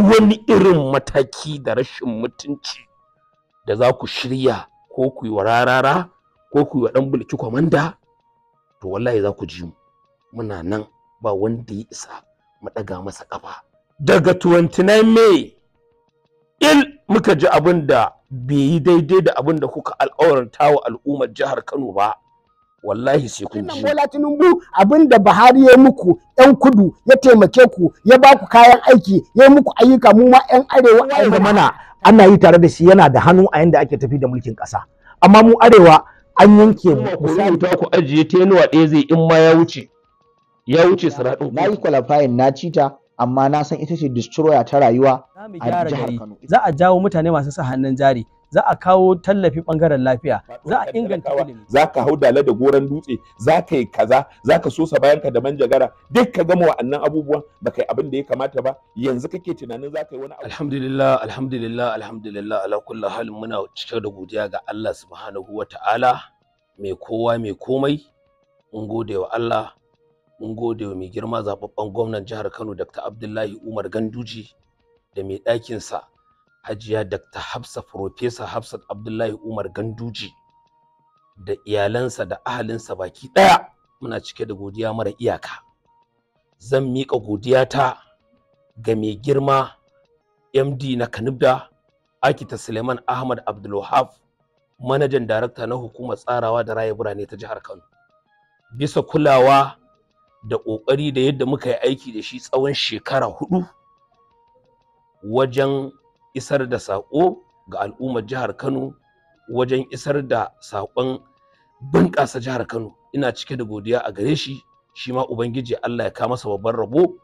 wani irin mataki da rashin mutunci da za ku shirya ko ku yi wa rarara ko ku yi wa ɗan bulki kwamanda to wallahi za ku ji mu muna nan ba wanda ya isa mu ɗaga masa ƙafa daga 29 mai il muka ji abin da bai yi daidai da abin da kuka alƙawarta wa al'ummar jihar kano ba wallahi sai kun ji Bola Tinubu abinda Buhari ya muku yan kudu ya taimake ku ya ba ku kayan aiki ya muku ayyuka mu ma yan arewa ai mana ana yi tare da shi yana da hannu a yanda ake tafi da mulkin ƙasa, amma mu arewa an yanke mu sai ta ku ajiye ɗaya zai in ma ya wuce ya wuce na yi qualifying na cita amma na san ita ce destroyer ta rayuwa a jihar Kano za a jawo mutane masu sa hannun jari za a kawo tallafi bangaren lafiya za a inganta ilimi za ka hau dala da goran dutse za ka yi kaza za ka bayan bayanka da manjagara duk ka gama wa'annan abubuwan ba kai abin da ya kamata ba yanzu kake tunanin za ka yi wani abu alhamdulillah alhamdulillah alhamdulillah ala kulli halin muna cike da godiya ga Allah subhanahu wata'ala mai kowa mai komai mun gode wa Allah mun gode wa mai girma zababben gwamnan jihar Kano Dr. Abdullahi Umar Ganduji da mai ɗakin sa hajiya Dr. Hafsa Profesa Hafsat Abdullahi Umar Ganduji da iyalansa da ahalinsa baki ɗaya muna cike da godiya mara iyaka. Zan miƙa godiyata ga mai girma MD na Kanibda Akita Suleiman Ahmad Abdulwahab manajan darakta na hukumar tsarawa da raya birane ta jihar Kano. Bisa kulawa da ƙoƙari da yadda muka yi aiki da shi tsawon shekara hudu wajen isar da saƙo ga al'ummar jihar Kano wajen isar da saƙon bunƙasa jihar Kano ina cike da godiya a gare shi shi ma ubangiji Allah ya kama masa babban rabo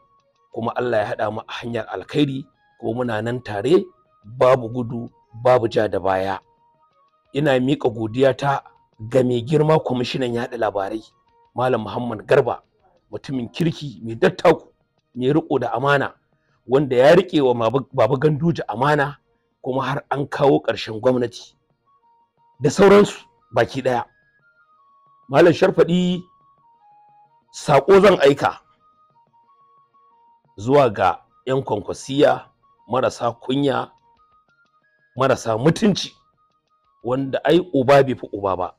kuma Allah ya haɗa mu a hanyar alkhairi ko muna nan tare babu gudu babu ja da baya ina miƙa godiya ta ga mai girma kwamishinan yaɗa labarai malam Muhammad Garba mutumin kirki mai dattaku mai riƙo da amana wanda ya riƙe wa baba ganduje amana kuma har an kawo ƙarshen gwamnati da sauransu baki ɗaya malam sharfaɗi saƙo zan aika zuwa ga 'yan kwankwasiya marasa kunya marasa mutunci wanda ai uba bai fi uba ba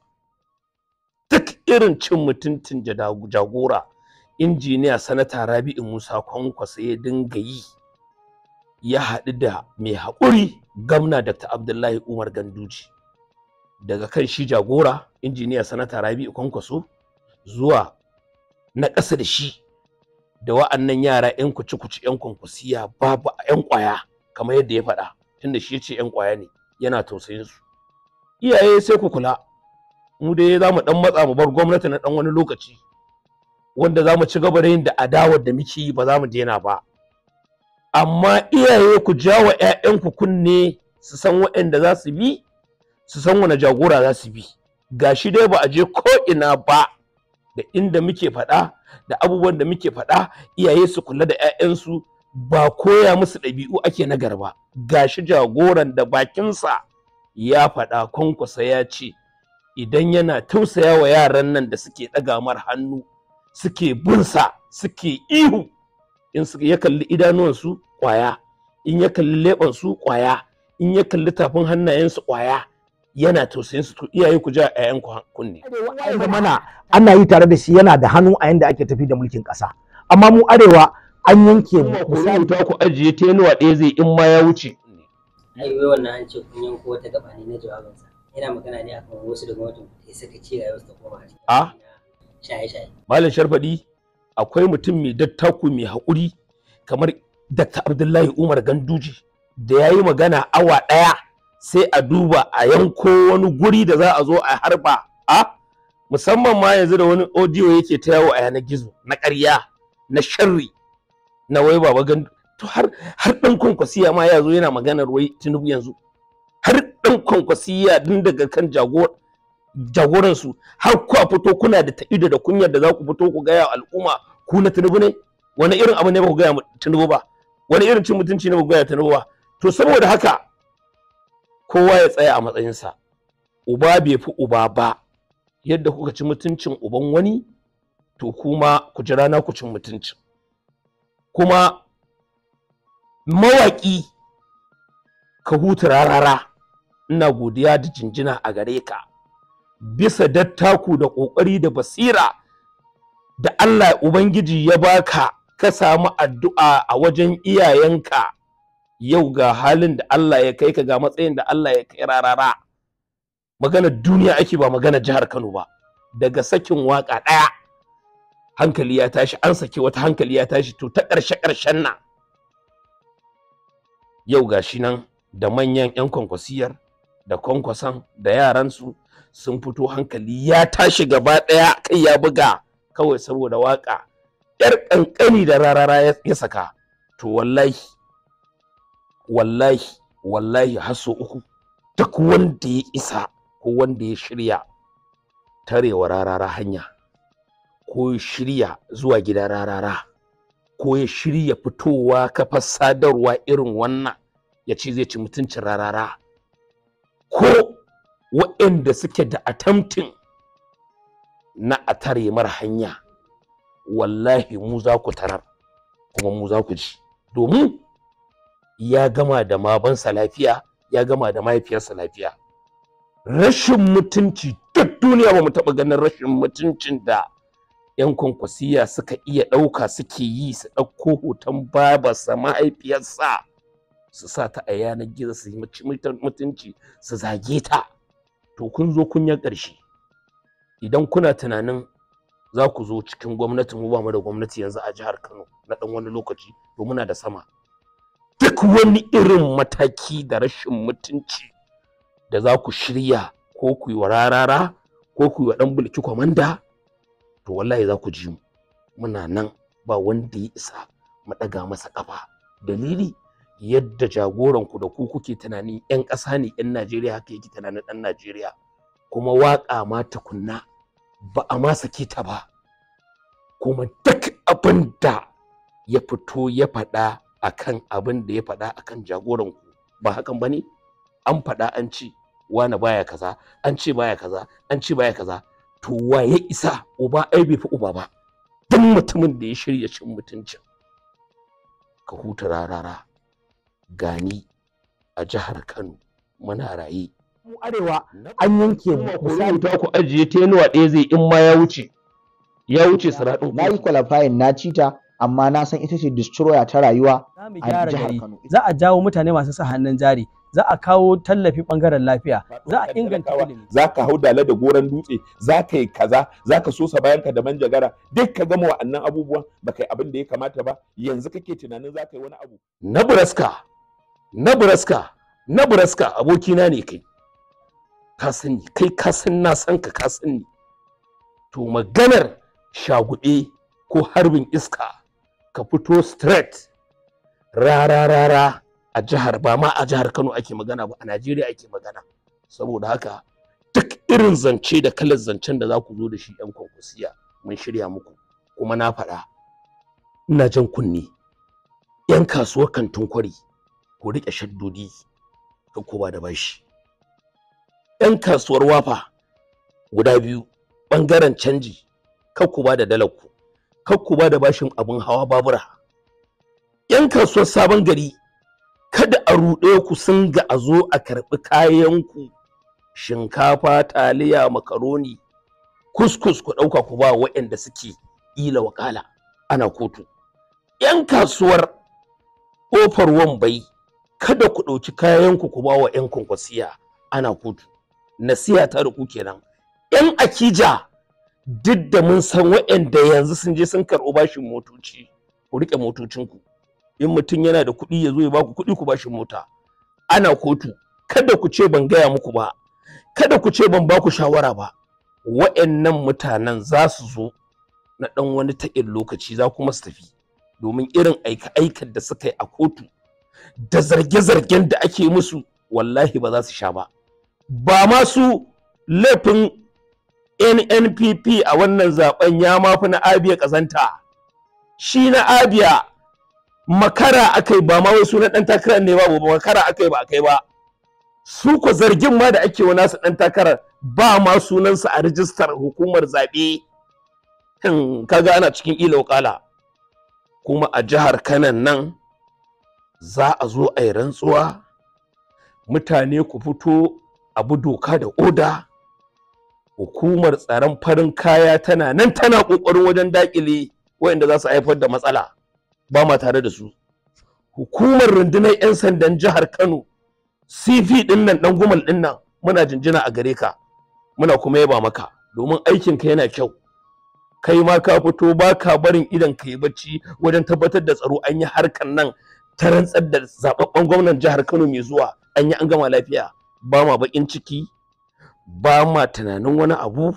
duk irin cin mutuncin jagora injiniya sanata rabi'u musa kwankwasa ya dinga yi ya haɗu da mai haƙuri gamna dr abdullahi umar ganduji daga kan shi jagora injiniya sanata rabi'u kwankwaso zuwa na ƙasa da shi da wa'annan yara 'yan kuci-kuci 'yan kwankwasiya babu 'yan ƙwaya kamar yadda ya faɗa tunda shi ce 'yan ƙwaya ne yana tausayin su iyaye sai ku kula mu dai za mu ɗan matsa mu bar gwamnati na ɗan wani lokaci wanda za mu ci gaba da yin da adawar da muke yi ba za mu daina ba amma iyaye ku jawa 'ya'yanku kunne su san waɗanda za su bi su san wani jagora za su bi Ga shi dai ba a je ko ina ba da inda muke faɗa da abubuwan da muke faɗa iyaye su kula da 'ya'yansu ba koya musu ɗabi'u ake nagar ba. Ga shi jagoran da bakinsa ya faɗa kwankwasa ya ce idan yana tausaya wa yaran nan da suke ɗaga mar hannu suke bunsa suke ihu in ya kalli idanuwansu kwaya in ya kalli leɓansu kwaya in ya kalli tafin hannayensu kwaya yana tausayin su iyaye ku ja a yan kunne mana ana yi tare da shi yana da hannu a yanda ake tafi da mulkin ƙasa amma mu arewa an yanke mu misali ta ku ajiye ta yanuwa ɗaya zai in ma ya wuce ai wai wannan an ce kun yanko wata gaba ne na sa. yana magana ne akan wasu daga gwamnatin ku sai suka ce rayuwar ta koma a ah? shaye-shaye malam sharfadi akwai mutum mai dattaku mai haƙuri kamar Dr. Abdullahi Umar Ganduji da ya yi magana awa ɗaya sai a duba a yanko wani guri da za a zo a harba a musamman ma yanzu da wani audio yake ta yawo a yanar gizo na ƙarya na sharri na wai baba gandu to har ɗan dan kwankwasiya ma ya zo yana maganar wai tinubu yanzu har ɗan kwankwasiya din daga kan jagora jagoransu har ku a fito kuna da ta'ido da kunyar da za ku fito ku gaya al'umma ku na tunubu ne wani irin abu ne ba ku gaya tunubu ba wani irin cin mutunci ne ba ku gaya tunubu ba to saboda haka kowa ya tsaya a matsayinsa uba bai fi uba ba yadda kuka ci mutuncin uban wani to kuma ku ji rana ku cin mutuncin kuma mawaƙi ka huta rarara ina godiya da jinjina a gare ka bisa dattaku da ƙoƙari da basira da Allah Ubangiji ya baka ka samu addu'a a wajen iyayenka yau ga halin da Allah ya kai ka ga matsayin da Allah ya kai rarara maganar duniya ake ba maganar jihar Kano ba daga sakin waka ɗaya hankali ya tashi an saki wata hankali ya tashi to ta ƙarshe ƙarshen nan yau ga shi nan da manyan 'yan kwankwasiyar da kwankwasan da yaransu sun fito hankali ya tashi gaba ɗaya kai ya buga kawai saboda waƙa yar ƙanƙani da rarara ya saka to wallahi wallahi wallahi haso uku duk wanda ya isa ko wanda ya shirya tarewa rarara hanya ko ya shirya zuwa gida rarara ko ya shirya fitowa kafar sadarwa irin wannan ya ce zai ci mutuncin rarara ko waɗanda suke da atamtin na a tare mar hanya wallahi mu za ku tarar kuma mu za ku ji domin ya gama da mabansa lafiya ya gama da mahaifiyarsa lafiya rashin mutunci duk duniya ba mu taɓa ganin rashin mutuncin da 'yan kwankwasiya suka iya ɗauka suke yi su ɗauko hoton babarsa mahaifiyarsa su sa ta a yanar gizo su yi mutunci su zage ta to kun zo kun ya ƙarshe idan kuna tunanin za ku zo cikin gwamnatin mu ba mu da gwamnati yanzu a jihar Kano na dan wani lokaci to muna da sama duk wani irin mataki da rashin mutunci da za ku shirya ko ku yi wa rarara ko ku yi wa dan bulki komanda to wallahi za ku ji mu muna nan ba wanda ya isa mu daga masa kafa dalili yadda jagoranku da ku kuke tunani 'yan ƙasa ne 'yan Najeriya haka yake tunanin ɗan Najeriya kuma waƙa ma tukunna ba a ma sake ta ba kuma duk abin da ya fito ya faɗa akan abin da ya faɗa akan jagoranku ba hakan ba ne an faɗa an ci wani baya kaza an ce baya kaza an ce baya kaza to wa ya isa uba ai bai fi uba ba duk mutumin da ya shirya cin mutuncin ka huta rarara gani a jihar Kano muna raye. Mu arewa an yanke mu misali ta ku ajiye tenuwa ɗaya zai in ma ya wuce. Ya wuce Na yi qualifying na cita amma na san ita ce destroyer ta rayuwa a jihar Kano. Za a jawo mutane masu sa hannun jari. Za a kawo tallafi bangaren lafiya, za a inganta ilimi. Za ka hau dala da goron dutse, za ka yi kaza, za ka sosa bayanka da manjagara, duk ka gama wa'annan abubuwan ba kai abin da ya kamata ba, yanzu kake tunanin za ka yi wani abu. Na buraska. na buraska na buraska abokina ne kai ka sani kai ka san na san ka ka sani to maganar Shaguɓe ko harbin iska ka fito straight rara ra a jihar ba ma a jihar Kano ake magana ba a Najeriya ake magana saboda haka duk irin zance da kalar zancen da za ku zo da shi yan kwakusiya mun shirya muku kuma na faɗa ina jan kunni yan kasuwar kantin kwari ku riƙe shaddodi ka ba da bashi yan kasuwar wafa guda biyu Bangaren canji kar ku ba da dalar ku ba da bashin abin hawa babura yan kasuwar sabon gari kada a ruɗe ku sun ga a zo a karɓi kayan ku shinkafa taliya makaroni kuskus ku ɗauka ku ba waɗanda suke ila wakala ana kotu yan kasuwar ƙofar wambai kada ku ɗauki kayanku ku ba wa 'yan kunkwasiya ana kudu nasiya ta ruku kenan 'yan akija duk da mun san waɗanda yanzu sun je sun karɓo bashin motoci ku riƙe motocinku in mutum yana da kuɗi ya zo ya baku kuɗi ku bashin mota ana kotu kada ku ce ban gaya muku ba kada ku ce ban baku shawara ba wayannan mutanen za su zo na ɗan wani ta'in lokaci za kuma su tafi domin irin aika-aikar da suka yi a kotu da zarge-zargen da ake musu wallahi ba za su sha ba ba masu laifin nnpp a wannan zaben ya mafi na abiya kazanta shi na abiya makara akai ba ma wasu na dan takarar ne ba makara akai ba akai ba su ko zargin ma da ake wani su dan takarar ba ma sunansa a rijistar hukumar zaɓe kaga ana cikin ilo kala kuma a jihar kanan nan za a zo a yi rantsuwa mutane ku fito abu doka da oda hukumar tsaron farin kaya tana nan tana ƙoƙarin wajen dakile wayanda za su haifar da matsala ba ma tare da su hukumar rundunar 'yan sandan jihar kano cv ɗinnan nan ɗan gumal ɗinnan, nan muna jinjina a gare ka muna kuma yaba maka domin aikin ka yana kyau kai ma ka fito ba ka barin idan ka yi bacci wajen tabbatar da tsaro an yi harkan nan ta rantsar da gwamnan jihar Kano mai zuwa an yi an gama lafiya ba ma bakin ciki ba ma tunanin wani abu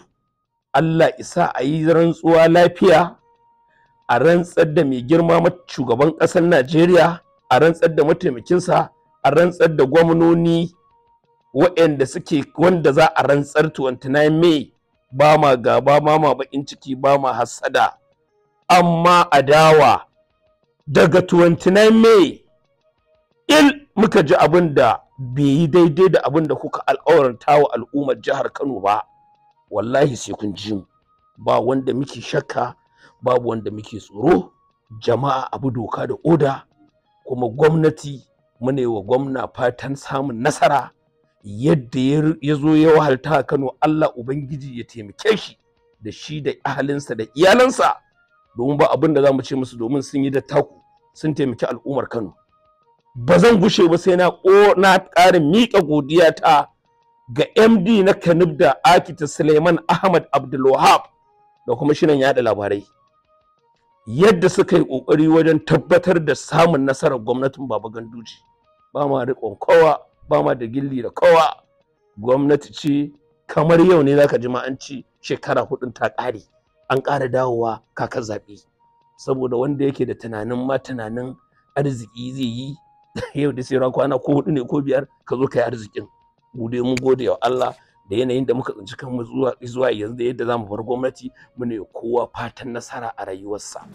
Allah isa a yi rantsuwa lafiya a rantsar da mai girma shugaban ƙasar Najeriya a rantsar da mataimakinsa a rantsar da gwamnoni waɗanda suke wanda za a rantsar 29 Mai ba ma gaba ba ma bakin ciki ba ma hassada amma adawa daga 29 may il muka ji abin da bai yi daidai da abin da kuka al'auranta wa al'ummar jihar kano ba wallahi sai kun ji mu ba wanda muke shakka babu wanda muke tsoro jama'a abu doka da oda kuma gwamnati mune wa gwamna fatan samun nasara yadda ya zo ya wahalta kano allah ubangiji ya taimake shi da shi da ahalinsa da iyalansa domin ba abin da za mu ce musu domin sun yi da taku sun taimaki al'ummar kano ba zan gushe ba sai na na ƙara miƙa godiya ta ga md na kanib da akita suleiman ahmad abdulwahab da kuma shirin yada labarai yadda suka yi ƙoƙari wajen tabbatar da samun nasarar gwamnatin baba ganduji ba ma riƙon kowa ba ma da gilli da kowa gwamnati ce kamar yau ne zaka ji ma an ci shekara hudun ta ƙare an ƙara dawowa kaka zaɓe saboda wanda yake da tunanin ma tunanin arziki zai yi yau da sauran kwana ko hudu ne ko biyar ka zo ka yi arzikin mu gode wa Allah da yanayin da muka tsinci kanmu zuwa yanzu da yadda mu bar gwamnati mu ne kowa fatan nasara a rayuwarsa